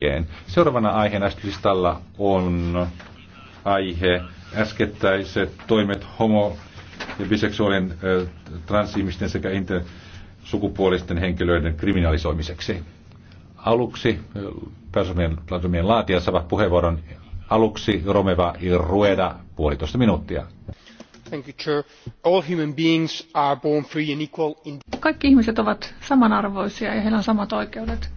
jälkeen. Seuraavana aiheena listalla on aihe äskettäiset toimet homo- ja biseksuaalien transihmisten sekä intersukupuolisten henkilöiden kriminalisoimiseksi. Aluksi pääsomien laatijat saavat puheenvuoron aluksi Romeva Rueda puolitoista minuuttia. Kaikki ihmiset ovat samanarvoisia ja heillä on samat oikeudet.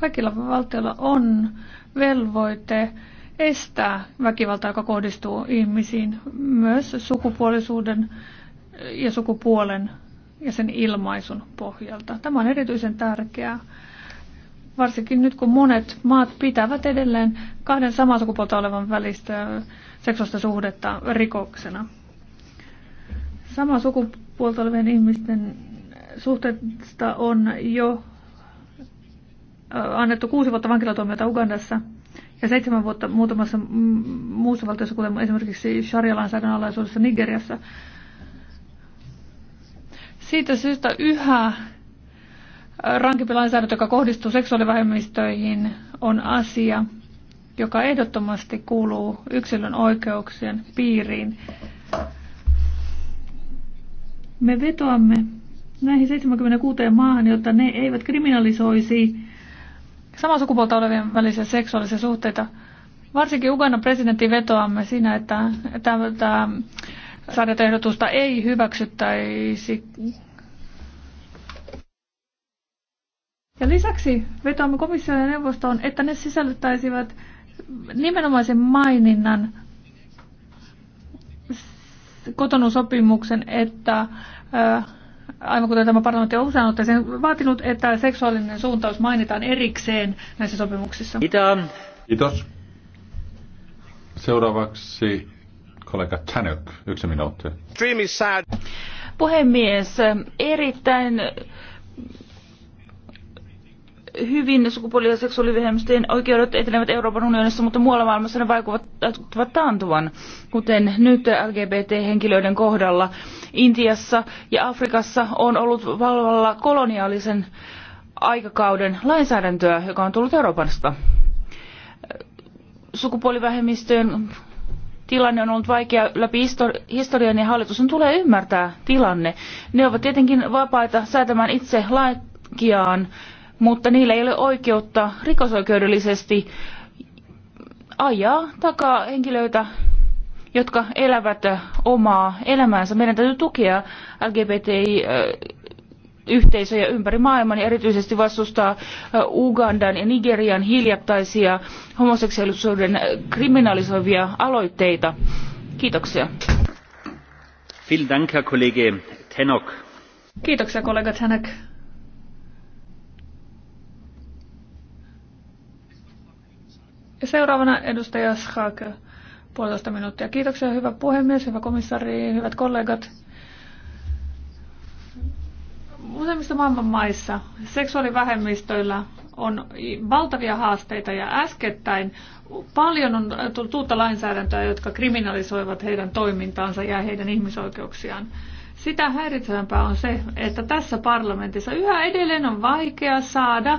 Kaikilla valtioilla on velvoite estää väkivaltaa, joka kohdistuu ihmisiin, myös sukupuolisuuden ja sukupuolen ja sen ilmaisun pohjalta. Tämä on erityisen tärkeää, varsinkin nyt kun monet maat pitävät edelleen kahden saman sukupuolta olevan välistä seksuaalista suhdetta rikoksena. Sama sukupuolta olevien ihmisten suhteesta on jo annettu kuusi vuotta vankilatuomiota Ugandassa ja seitsemän vuotta muutamassa muussa valtiossa, kuten esimerkiksi sharia-lainsäädännön alaisuudessa Nigeriassa. Siitä syystä yhä rankimpi lainsäädäntö, joka kohdistuu seksuaalivähemmistöihin, on asia, joka ehdottomasti kuuluu yksilön oikeuksien piiriin. Me vetoamme näihin 76 maahan, jotta ne eivät kriminalisoisi samaa sukupuolta olevien välisiä seksuaalisia suhteita. Varsinkin Ugandan presidentti vetoamme siinä, että tämä sarjatehdotusta ei hyväksyttäisi. Ja lisäksi vetoamme komission ja neuvostoon, että ne sisällyttäisivät nimenomaisen maininnan kotonusopimuksen, että aivan kuten tämä parlamentti on usein sen vaatinut, että seksuaalinen suuntaus mainitaan erikseen näissä sopimuksissa. Kiitos. Seuraavaksi kollega Tanök, yksi minuutti. Puhemies, erittäin hyvin sukupuoli- ja seksuaalivähemmistöjen oikeudet etenevät Euroopan unionissa, mutta muualla maailmassa ne vaikuttavat taantuvan, kuten nyt LGBT-henkilöiden kohdalla. Intiassa ja Afrikassa on ollut valvalla koloniaalisen aikakauden lainsäädäntöä, joka on tullut Euroopasta. Sukupuolivähemmistöjen tilanne on ollut vaikea läpi historian ja on tulee ymmärtää tilanne. Ne ovat tietenkin vapaita säätämään itse lakiaan mutta niillä ei ole oikeutta rikosoikeudellisesti ajaa takaa henkilöitä, jotka elävät äh, omaa elämäänsä. Meidän täytyy tukea LGBTI äh, yhteisöjä ympäri maailman ja erityisesti vastustaa äh, Ugandan ja Nigerian hiljattaisia homoseksuaalisuuden kriminalisoivia aloitteita. Kiitoksia. Vielen Dank, Herr Kollege Tenok. Kiitoksia kollega Tenok. Ja seuraavana edustaja Schaake, puolitoista minuuttia. Kiitoksia, hyvä puhemies, hyvä komissari, hyvät kollegat. Useimmissa maailman maissa seksuaalivähemmistöillä on valtavia haasteita ja äskettäin paljon on tullut uutta lainsäädäntöä, jotka kriminalisoivat heidän toimintaansa ja heidän ihmisoikeuksiaan. Sitä häiritsevämpää on se, että tässä parlamentissa yhä edelleen on vaikea saada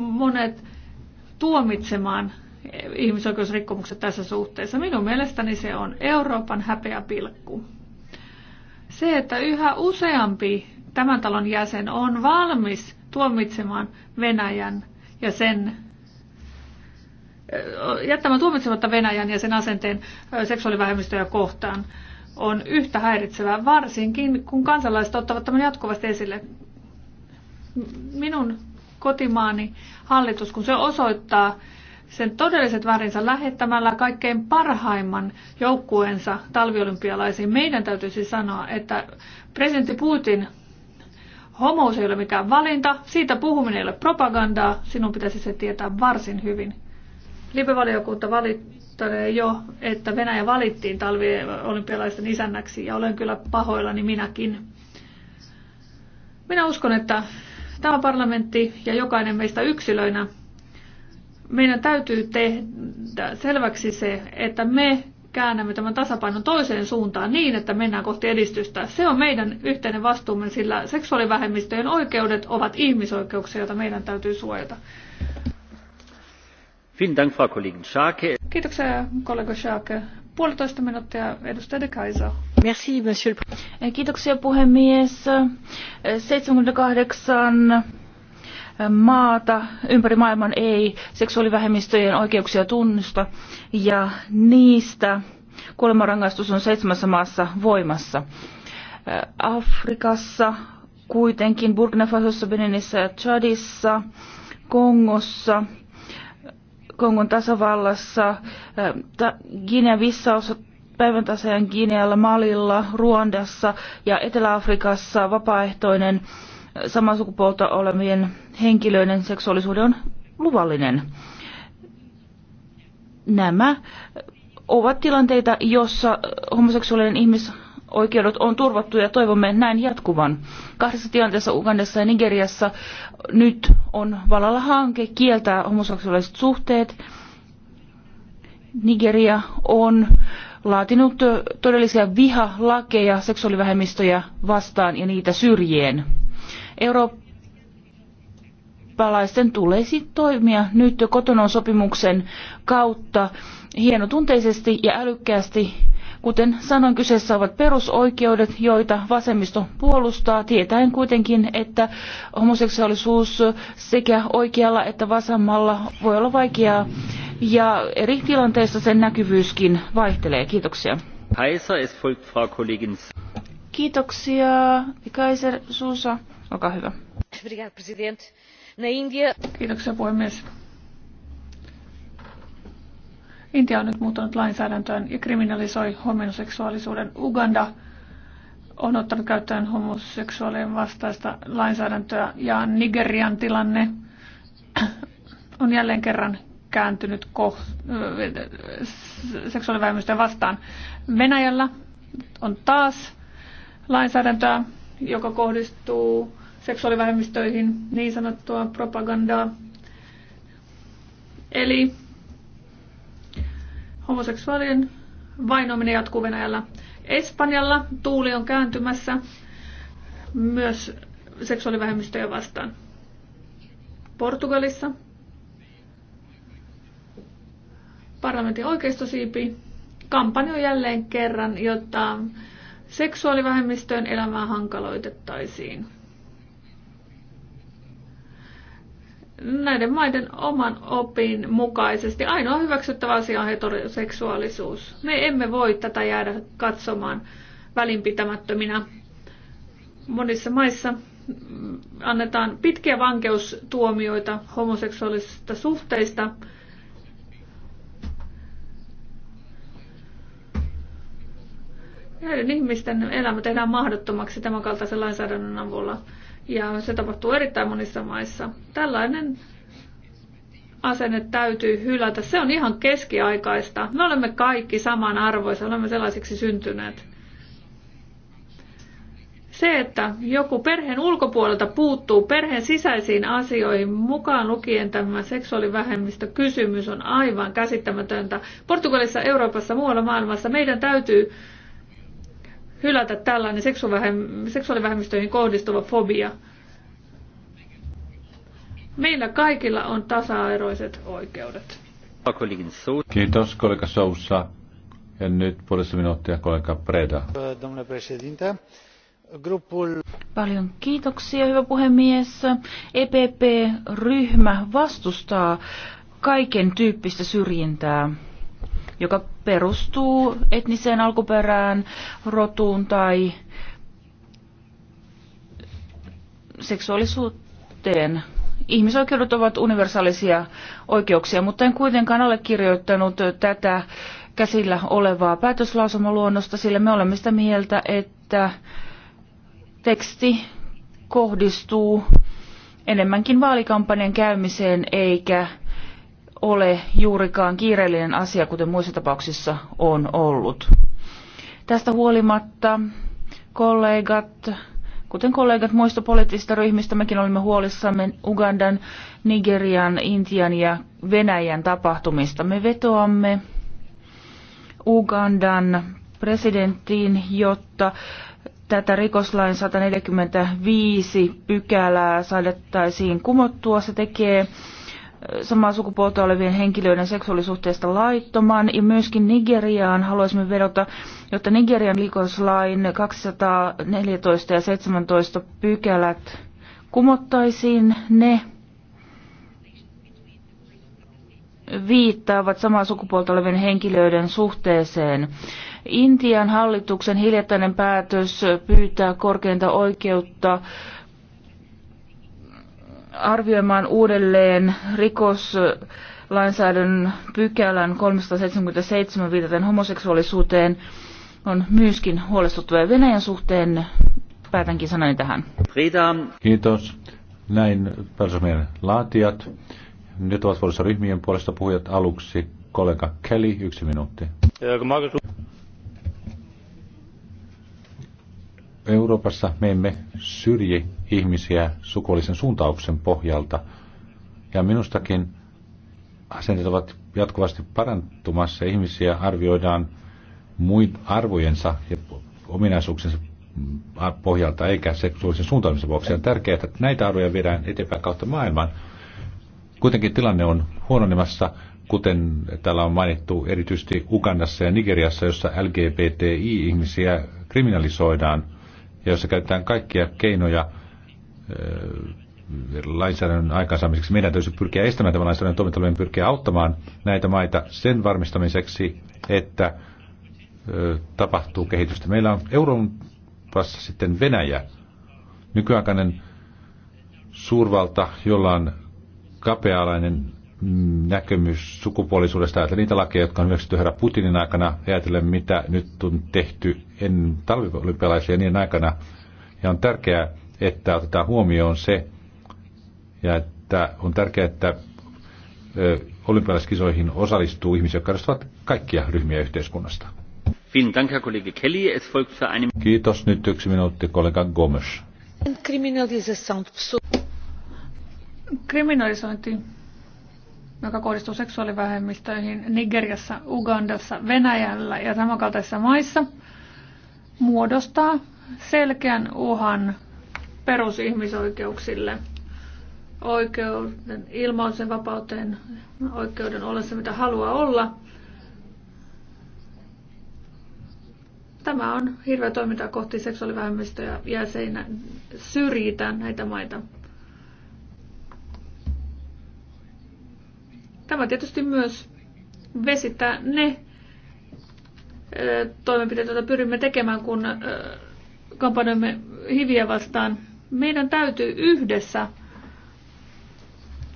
monet tuomitsemaan ihmisoikeusrikkomukset tässä suhteessa. Minun mielestäni se on Euroopan häpeä pilkku. Se, että yhä useampi tämän talon jäsen on valmis tuomitsemaan Venäjän ja sen jättämään tuomitsematta Venäjän ja sen asenteen seksuaalivähemmistöjä kohtaan on yhtä häiritsevää, varsinkin kun kansalaiset ottavat tämän jatkuvasti esille. Minun kotimaani hallitus, kun se osoittaa sen todelliset värinsä lähettämällä kaikkein parhaimman joukkueensa talviolympialaisiin. Meidän täytyisi sanoa, että presidentti Putin homous ei ole mikään valinta, siitä puhuminen ei ole propagandaa, sinun pitäisi se tietää varsin hyvin. Lipevaliokunta valittelee jo, että Venäjä valittiin talviolympialaisten isännäksi ja olen kyllä pahoillani minäkin. Minä uskon, että Tämä parlamentti ja jokainen meistä yksilöinä, meidän täytyy tehdä selväksi se, että me käännämme tämän tasapainon toiseen suuntaan niin, että mennään kohti edistystä. Se on meidän yhteinen vastuumme, sillä seksuaalivähemmistöjen oikeudet ovat ihmisoikeuksia, joita meidän täytyy suojata. Kiitoksia kollega Schake. Puolitoista minuuttia edustaja De Kaiser monsieur le... Kiitoksia puhemies. 78 maata ympäri maailman ei seksuaalivähemmistöjen oikeuksia tunnusta ja niistä kuolemanrangaistus on seitsemässä maassa voimassa. Afrikassa kuitenkin, Burkina Fasossa, Beninissä ja Chadissa, Kongossa, Kongon tasavallassa, Guinea-Bissaussa, päivän tasajan Kiinealla, Malilla, Ruandassa ja Etelä-Afrikassa vapaaehtoinen samaa sukupuolta olevien henkilöiden seksuaalisuuden on luvallinen. Nämä ovat tilanteita, jossa homoseksuaalinen ihmisoikeudet on turvattu ja toivomme näin jatkuvan. Kahdessa tilanteessa Ugandassa ja Nigeriassa nyt on valalla hanke kieltää homoseksuaaliset suhteet. Nigeria on laatinut todellisia vihalakeja seksuaalivähemmistöjä vastaan ja niitä syrjien. Eurooppalaisten tulisi toimia nyt kotonon sopimuksen kautta hienotunteisesti ja älykkäästi Kuten sanoin, kyseessä ovat perusoikeudet, joita vasemmisto puolustaa, tietäen kuitenkin, että homoseksuaalisuus sekä oikealla että vasemmalla voi olla vaikeaa ja eri tilanteissa sen näkyvyyskin vaihtelee. Kiitoksia. Kiitoksia. Kaiser Suusa, olkaa hyvä. Kiitoksia puhemies. Intia on nyt muuttanut lainsäädäntöön ja kriminalisoi homoseksuaalisuuden. Uganda on ottanut käyttöön homoseksuaalien vastaista lainsäädäntöä ja Nigerian tilanne on jälleen kerran kääntynyt ko- äh, seksuaalivähemmistöä vastaan. Venäjällä on taas lainsäädäntöä, joka kohdistuu seksuaalivähemmistöihin, niin sanottua propagandaa. Eli Homoseksuaalien vainominen jatkuu Venäjällä. Espanjalla tuuli on kääntymässä myös seksuaalivähemmistöjä vastaan. Portugalissa parlamentin oikeistosiipi kampanjoi jälleen kerran, jotta seksuaalivähemmistöjen elämää hankaloitettaisiin. näiden maiden oman opin mukaisesti ainoa hyväksyttävä asia on heteroseksuaalisuus. Me emme voi tätä jäädä katsomaan välinpitämättöminä. Monissa maissa annetaan pitkiä vankeustuomioita homoseksuaalisista suhteista. Näiden ihmisten elämä tehdään mahdottomaksi tämän kaltaisen lainsäädännön avulla ja se tapahtuu erittäin monissa maissa. Tällainen asenne täytyy hylätä. Se on ihan keskiaikaista. Me olemme kaikki samanarvoisia, olemme sellaisiksi syntyneet. Se, että joku perheen ulkopuolelta puuttuu perheen sisäisiin asioihin mukaan lukien tämä seksuaalivähemmistö kysymys on aivan käsittämätöntä. Portugalissa, Euroopassa, muualla maailmassa meidän täytyy hylätä tällainen seksuaalivähemmistöihin kohdistuva fobia. Meillä kaikilla on tasa-arvoiset oikeudet. Kiitos kollega Sousa. Ja nyt puolessa minuuttia kollega Preda. Paljon kiitoksia, hyvä puhemies. EPP-ryhmä vastustaa kaiken tyyppistä syrjintää joka perustuu etniseen alkuperään, rotuun tai seksuaalisuuteen. Ihmisoikeudet ovat universaalisia oikeuksia, mutta en kuitenkaan ole kirjoittanut tätä käsillä olevaa päätöslausumaluonnosta, sillä me olemme sitä mieltä, että teksti kohdistuu enemmänkin vaalikampanjan käymiseen eikä ole juurikaan kiireellinen asia, kuten muissa tapauksissa on ollut. Tästä huolimatta kollegat, kuten kollegat muista poliittisista ryhmistä, mekin olimme huolissamme Ugandan, Nigerian, Intian ja Venäjän tapahtumista. Me vetoamme Ugandan presidenttiin, jotta tätä rikoslain 145 pykälää saadettaisiin kumottua. Se tekee samaa sukupuolta olevien henkilöiden seksuaalisuhteesta laittoman ja myöskin Nigeriaan haluaisimme vedota, jotta Nigerian liikoslain 214 ja 17 pykälät kumottaisiin ne viittaavat samaa sukupuolta olevien henkilöiden suhteeseen. Intian hallituksen hiljattainen päätös pyytää korkeinta oikeutta arvioimaan uudelleen rikoslainsäädännön pykälän 377 viitaten homoseksuaalisuuteen on myöskin huolestuttava Venäjän suhteen. Päätänkin sanani tähän. Kiitos. Näin päätösmielen laatijat. Nyt ovat vuorossa ryhmien puolesta puhujat aluksi kollega Kelly, yksi minuutti. Euroopassa me emme syrji ihmisiä sukupuolisen suuntauksen pohjalta. Ja minustakin asenteet ovat jatkuvasti parantumassa. Ihmisiä arvioidaan muin arvojensa ja ominaisuuksensa pohjalta eikä seksuaalisen suuntautumisen vuoksi. On tärkeää, että näitä arvoja viedään eteenpäin kautta maailman. Kuitenkin tilanne on huononemassa, kuten täällä on mainittu erityisesti Ugandassa ja Nigeriassa, jossa LGBTI-ihmisiä kriminalisoidaan ja jossa käytetään kaikkia keinoja lainsäädännön aikaansaamiseksi. Meidän täytyy pyrkiä estämään tämän lainsäädännön toimintamme pyrkiä auttamaan näitä maita sen varmistamiseksi, että tapahtuu kehitystä. Meillä on Euroopassa sitten Venäjä, nykyaikainen suurvalta, jolla on kapealainen näkemys sukupuolisuudesta, ajatellen niitä lakeja, jotka on hyväksytty herra Putinin aikana, ajatellen mitä nyt on tehty en talviolympialaisia niin aikana. Ja on tärkeää, että otetaan huomioon se, ja että on tärkeää, että olympialaiskisoihin osallistuu ihmisiä, jotka edustavat kaikkia ryhmiä yhteiskunnasta. Kiitos. Nyt yksi minuutti, kollega Gomes. Kriminalisointi joka kohdistuu seksuaalivähemmistöihin Nigeriassa, Ugandassa, Venäjällä ja samankaltaisissa maissa, muodostaa selkeän uhan perusihmisoikeuksille, oikeuden ilmaisen vapauteen, oikeuden olla se mitä haluaa olla. Tämä on hirveä toiminta kohti seksuaalivähemmistöjä ja seinä syrjitään näitä maita. Tämä tietysti myös vesittää ne toimenpiteet, joita pyrimme tekemään, kun kampanjoimme hiviä vastaan. Meidän täytyy yhdessä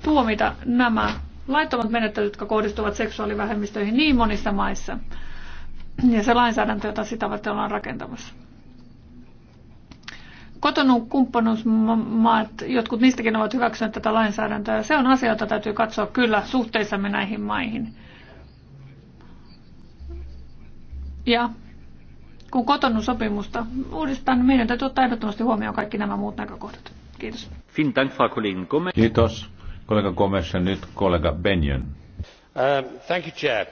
tuomita nämä laittomat menettelyt, jotka kohdistuvat seksuaalivähemmistöihin niin monissa maissa. Ja se lainsäädäntö, jota sitä varten ollaan rakentamassa. Kotonun kumppanuusmaat, jotkut niistäkin ovat hyväksyneet tätä lainsäädäntöä, ja se on asia, jota täytyy katsoa kyllä suhteissamme näihin maihin. Ja kun kotonnut sopimusta uudestaan, niin meidän täytyy ottaa ehdottomasti huomioon kaikki nämä muut näkökohdat. Kiitos. Kiitos. Kollega Gomes ja nyt kollega Benjen. Um, thank you, Chair.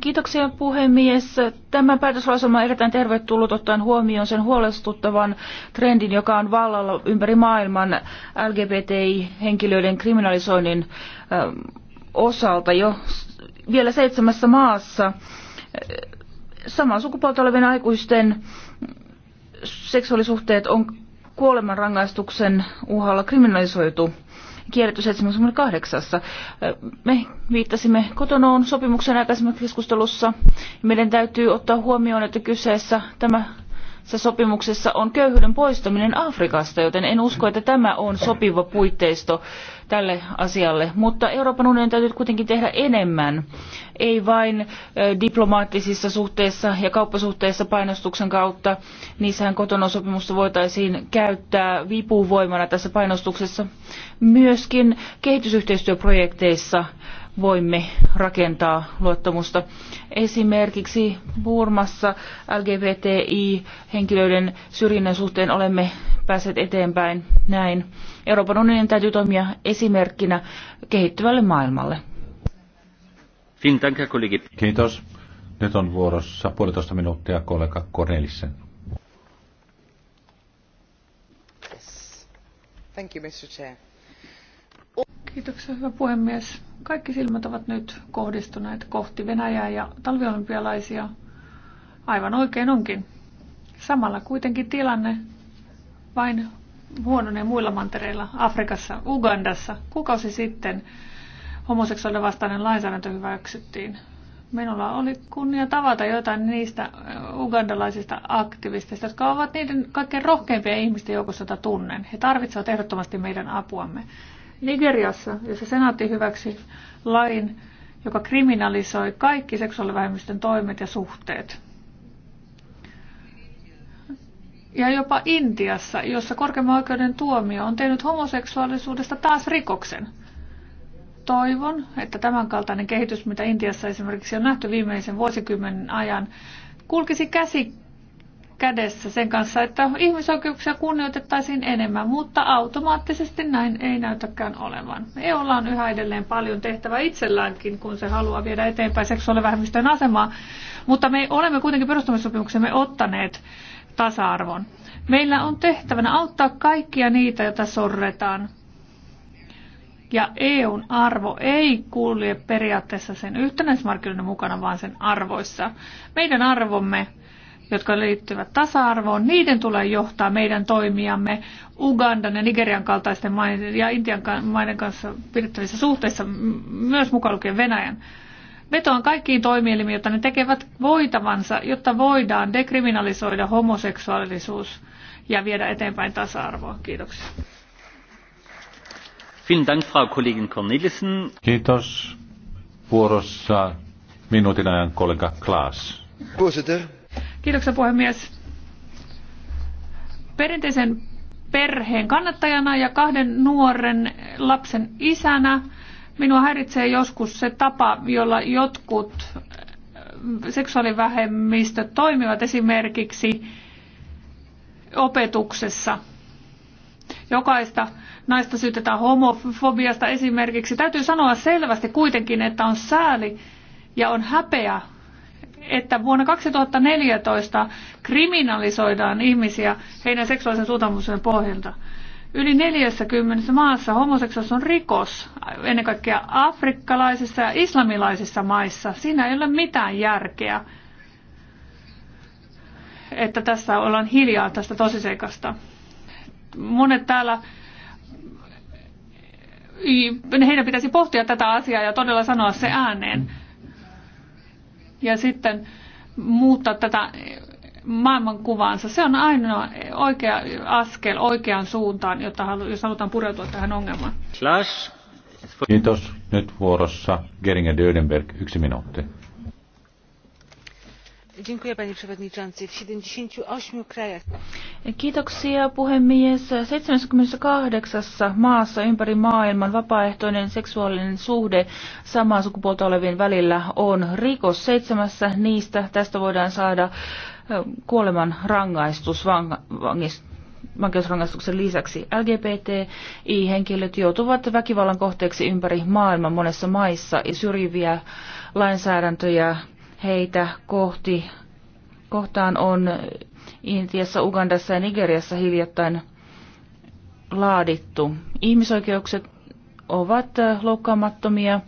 Kiitoksia puhemies. Tämä päätöslauselma on erittäin tervetullut ottaen huomioon sen huolestuttavan trendin, joka on vallalla ympäri maailman LGBTI-henkilöiden kriminalisoinnin osalta jo vielä seitsemässä maassa. Samaa sukupuolta olevien aikuisten seksuaalisuhteet on kuolemanrangaistuksen uhalla kriminalisoitu kielletty 78. Me viittasimme kotonoon sopimuksen aikaisemmassa keskustelussa. Meidän täytyy ottaa huomioon, että kyseessä tämä sopimuksessa on köyhyyden poistaminen Afrikasta, joten en usko, että tämä on sopiva puitteisto tälle asialle. Mutta Euroopan unionin täytyy kuitenkin tehdä enemmän, ei vain diplomaattisissa suhteissa ja kauppasuhteissa painostuksen kautta. Niissähän kotona sopimusta voitaisiin käyttää vipuvoimana tässä painostuksessa. Myöskin kehitysyhteistyöprojekteissa voimme rakentaa luottamusta. Esimerkiksi Burmassa LGBTI-henkilöiden syrjinnän suhteen olemme päässeet eteenpäin näin. Euroopan unionin täytyy toimia esimerkkinä kehittyvälle maailmalle. Kiitos. Nyt on vuorossa puolitoista minuuttia kollega Cornelissen. Thank you, Mr. Chair. Kiitoksia, hyvä puhemies. Kaikki silmät ovat nyt kohdistuneet kohti Venäjää ja talviolympialaisia. Aivan oikein onkin. Samalla kuitenkin tilanne vain huononee muilla mantereilla, Afrikassa, Ugandassa. Kuukausi sitten homoseksuaalinen vastainen lainsäädäntö hyväksyttiin. Minulla oli kunnia tavata jotain niistä ugandalaisista aktivisteista, jotka ovat niiden kaikkein rohkeimpia ihmisten joukossa, joita tunnen. He tarvitsevat ehdottomasti meidän apuamme. Nigeriassa, jossa senaatti hyväksi lain, joka kriminalisoi kaikki seksuaalivähemmistön toimet ja suhteet. Ja jopa Intiassa, jossa korkeimman oikeuden tuomio on tehnyt homoseksuaalisuudesta taas rikoksen. Toivon, että tämänkaltainen kehitys, mitä Intiassa esimerkiksi on nähty viimeisen vuosikymmenen ajan, kulkisi käsi kädessä sen kanssa, että ihmisoikeuksia kunnioitettaisiin enemmän, mutta automaattisesti näin ei näytäkään olevan. EUlla on yhä edelleen paljon tehtävää itselläänkin, kun se haluaa viedä eteenpäin seksuaalivähemmistöjen asemaa, mutta me olemme kuitenkin perustamissopimuksemme ottaneet tasa-arvon. Meillä on tehtävänä auttaa kaikkia niitä, joita sorretaan. Ja EUn arvo ei kulje periaatteessa sen yhtenäismarkkinoiden mukana, vaan sen arvoissa. Meidän arvomme jotka liittyvät tasa-arvoon, niiden tulee johtaa meidän toimijamme Ugandan ja Nigerian kaltaisten maiden ja Intian maiden kanssa pidettävissä suhteissa, myös mukaan lukien Venäjän. Vetoan kaikkiin toimielimiin, jotta ne tekevät voitavansa, jotta voidaan dekriminalisoida homoseksuaalisuus ja viedä eteenpäin tasa-arvoa. Kiitoksia. Dank, Frau Kollegin Kiitos. Vuorossa minuutin ajan kollega Klaas. Voorzitter, Kiitoksia puhemies. Perinteisen perheen kannattajana ja kahden nuoren lapsen isänä minua häiritsee joskus se tapa, jolla jotkut äh, seksuaalivähemmistöt toimivat esimerkiksi opetuksessa. Jokaista naista syytetään homofobiasta esimerkiksi. Täytyy sanoa selvästi kuitenkin, että on sääli ja on häpeä että vuonna 2014 kriminalisoidaan ihmisiä heidän seksuaalisen suuntamuuden pohjalta. Yli 40 maassa homoseksuaalisuus on rikos, ennen kaikkea afrikkalaisissa ja islamilaisissa maissa. Siinä ei ole mitään järkeä, että tässä ollaan hiljaa tästä tosiseikasta. Monet täällä heidän pitäisi pohtia tätä asiaa ja todella sanoa se ääneen ja sitten muuttaa tätä maailmankuvaansa. Se on ainoa oikea askel oikeaan suuntaan, jotta halu, jos halutaan pureutua tähän ongelmaan. Kiitos. Nyt vuorossa Geringer Dödenberg, yksi minuutti panie przewodniczący! w siedemdziesiąt osiem krajach kiitoksia puhemies 78 maassa ympäri maailman vapaaehtoinen seksuaalinen suhde samaa sukupuolta olevien välillä on rikos. seitsemässä niistä tästä voidaan saada kuoleman rangaistus vangista vankeusrangaistuksen lisäksi LGBTI-henkilöt joutuvat väkivallan kohteeksi ympäri maailman monessa maissa ja syrjiviä lainsäädäntöjä heitä kohti, kohtaan on Intiassa, Ugandassa ja Nigeriassa hiljattain laadittu. Ihmisoikeukset ovat loukkaamattomia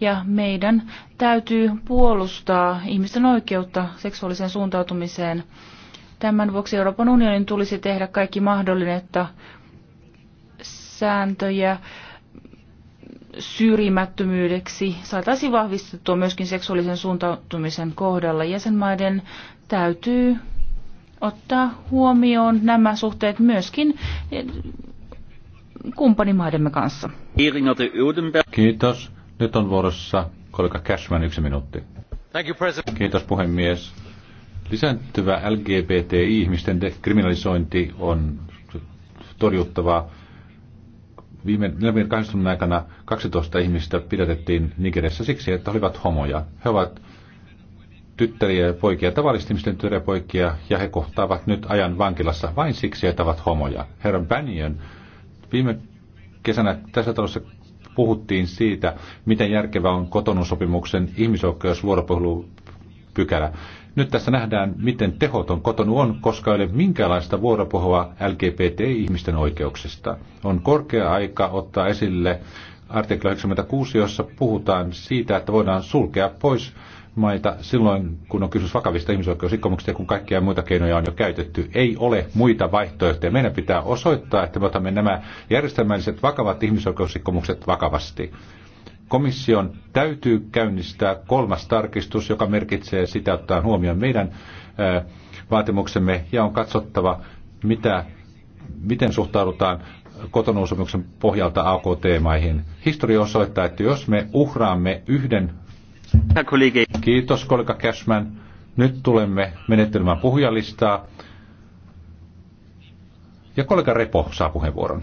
ja meidän täytyy puolustaa ihmisten oikeutta seksuaaliseen suuntautumiseen. Tämän vuoksi Euroopan unionin tulisi tehdä kaikki mahdollinen, että sääntöjä syrjimättömyydeksi saataisiin vahvistettua myöskin seksuaalisen suuntautumisen kohdalla. Jäsenmaiden täytyy ottaa huomioon nämä suhteet myöskin kumppanimaidemme kanssa. Kiitos. Nyt on vuorossa kollega Cashman yksi minuutti. Kiitos puhemies. Lisääntyvä LGBTI-ihmisten kriminalisointi on torjuttavaa viime 48 tunnin aikana 12 ihmistä pidätettiin Nigerissä siksi, että olivat homoja. He ovat tyttäriä ja poikia, tavallisten ihmisten tyttäriä ja poikia, ja he kohtaavat nyt ajan vankilassa vain siksi, että ovat homoja. Herra Bannion, viime kesänä tässä talossa puhuttiin siitä, miten järkevä on kotonusopimuksen ihmisoikeusvuoropuhelupykälä. Nyt tässä nähdään, miten tehoton kotonu on, koska ei ole minkäänlaista vuoropuhua LGBT-ihmisten oikeuksista. On korkea aika ottaa esille artikla 96, jossa puhutaan siitä, että voidaan sulkea pois maita silloin, kun on kysymys vakavista ihmisoikeusrikkomuksista ja kun kaikkia muita keinoja on jo käytetty. Ei ole muita vaihtoehtoja. Meidän pitää osoittaa, että me otamme nämä järjestelmälliset vakavat ihmisoikeusrikkomukset vakavasti komission täytyy käynnistää kolmas tarkistus, joka merkitsee sitä ottaen huomioon meidän vaatimuksemme ja on katsottava, mitä, miten suhtaudutaan kotonousumuksen pohjalta AKT-maihin. Historia osoittaa, että jos me uhraamme yhden... Kiitos kollega Cashman. Nyt tulemme menettelemään puhujalistaa. Ja kollega Repo saa puheenvuoron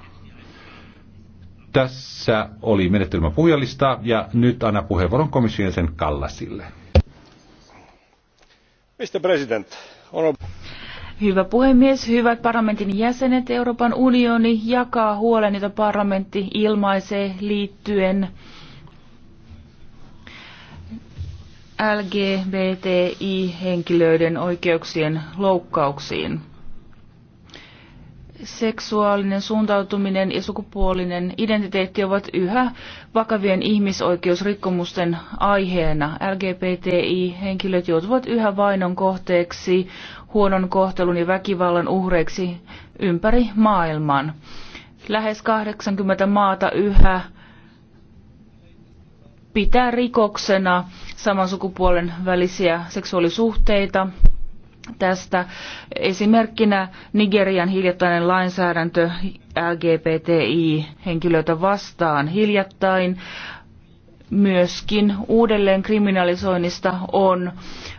tässä oli menettelymä puhujalistaa ja nyt anna puheenvuoron komission sen Kallasille. Mr. President, on... Hyvä puhemies, hyvät parlamentin jäsenet, Euroopan unioni jakaa huolen, jota parlamentti ilmaisee liittyen LGBTI-henkilöiden oikeuksien loukkauksiin seksuaalinen suuntautuminen ja sukupuolinen identiteetti ovat yhä vakavien ihmisoikeusrikkomusten aiheena. LGBTI-henkilöt joutuvat yhä vainon kohteeksi, huonon kohtelun ja väkivallan uhreiksi ympäri maailman. Lähes 80 maata yhä pitää rikoksena saman sukupuolen välisiä seksuaalisuhteita – tästä. Esimerkkinä Nigerian hiljattainen lainsäädäntö LGBTI-henkilöitä vastaan hiljattain. Myöskin uudelleen kriminalisoinnista on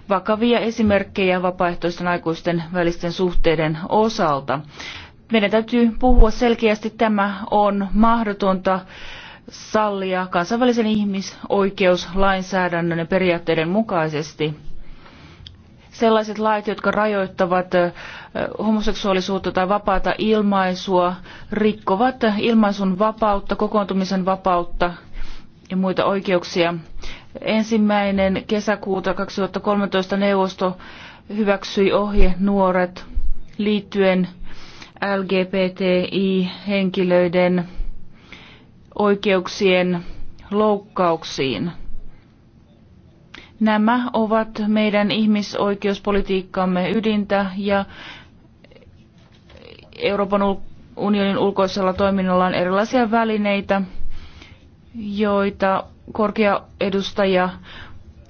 vakavia esimerkkejä vapaaehtoisten aikuisten välisten suhteiden osalta. Meidän täytyy puhua selkeästi, tämä on mahdotonta sallia kansainvälisen ihmisoikeuslainsäädännön ja periaatteiden mukaisesti sellaiset lait, jotka rajoittavat homoseksuaalisuutta tai vapaata ilmaisua, rikkovat ilmaisun vapautta, kokoontumisen vapautta ja muita oikeuksia. Ensimmäinen kesäkuuta 2013 neuvosto hyväksyi ohje nuoret liittyen LGBTI-henkilöiden oikeuksien loukkauksiin. Nämä ovat meidän ihmisoikeuspolitiikkamme ydintä ja Euroopan unionin ulkoisella toiminnalla on erilaisia välineitä, joita korkea edustaja,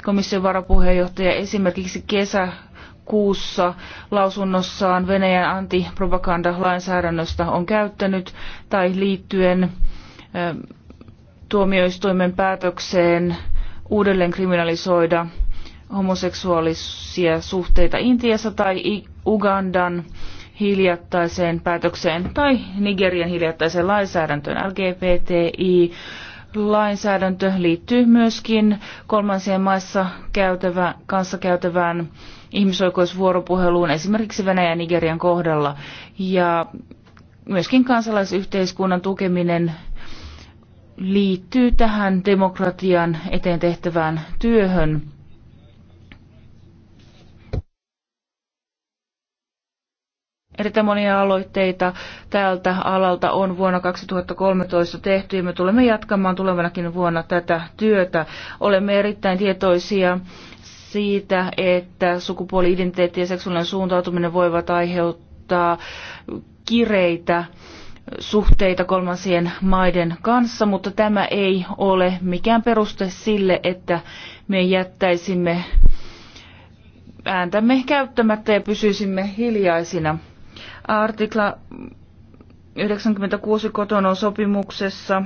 komission varapuheenjohtaja esimerkiksi kesäkuussa lausunnossaan Venäjän antipropagandalainsäädännöstä on käyttänyt tai liittyen tuomioistuimen päätökseen uudelleen kriminalisoida homoseksuaalisia suhteita Intiassa tai Ugandan hiljattaiseen päätökseen tai Nigerian hiljattaiseen lainsäädäntöön LGBTI. Lainsäädäntö liittyy myöskin kolmansien maissa käytävä, kanssa käytävään ihmisoikeusvuoropuheluun esimerkiksi Venäjän ja Nigerian kohdalla. Ja myöskin kansalaisyhteiskunnan tukeminen liittyy tähän demokratian eteen tehtävään työhön. Erittäin monia aloitteita tältä alalta on vuonna 2013 tehty ja me tulemme jatkamaan tulevanakin vuonna tätä työtä. Olemme erittäin tietoisia siitä, että sukupuoli-identiteetti ja seksuaalinen suuntautuminen voivat aiheuttaa kireitä suhteita kolmansien maiden kanssa, mutta tämä ei ole mikään peruste sille, että me jättäisimme ääntämme käyttämättä ja pysyisimme hiljaisina. Artikla 96 kotonon sopimuksessa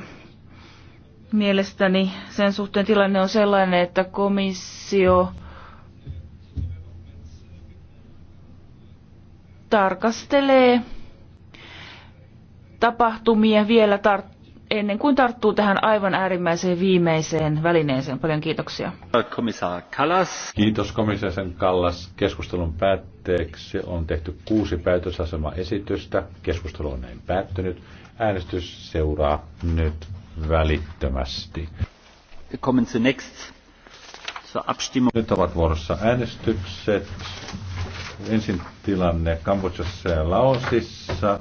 mielestäni sen suhteen tilanne on sellainen, että komissio tarkastelee tapahtumia vielä tar- ennen kuin tarttuu tähän aivan äärimmäiseen viimeiseen välineeseen. Paljon kiitoksia. Kallas. Kiitos komissaarisen Kallas. Keskustelun päätteeksi on tehty kuusi päätösasemaesitystä. Keskustelu on näin päättynyt. Äänestys seuraa nyt välittömästi. Nyt ovat vuorossa äänestykset. Ensin tilanne Kambodžassa ja Laosissa.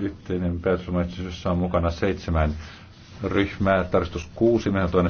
Yhteinen päätösmaisuus, jossa on mukana seitsemän ryhmää. Tarkistus kuusi, mehän toinen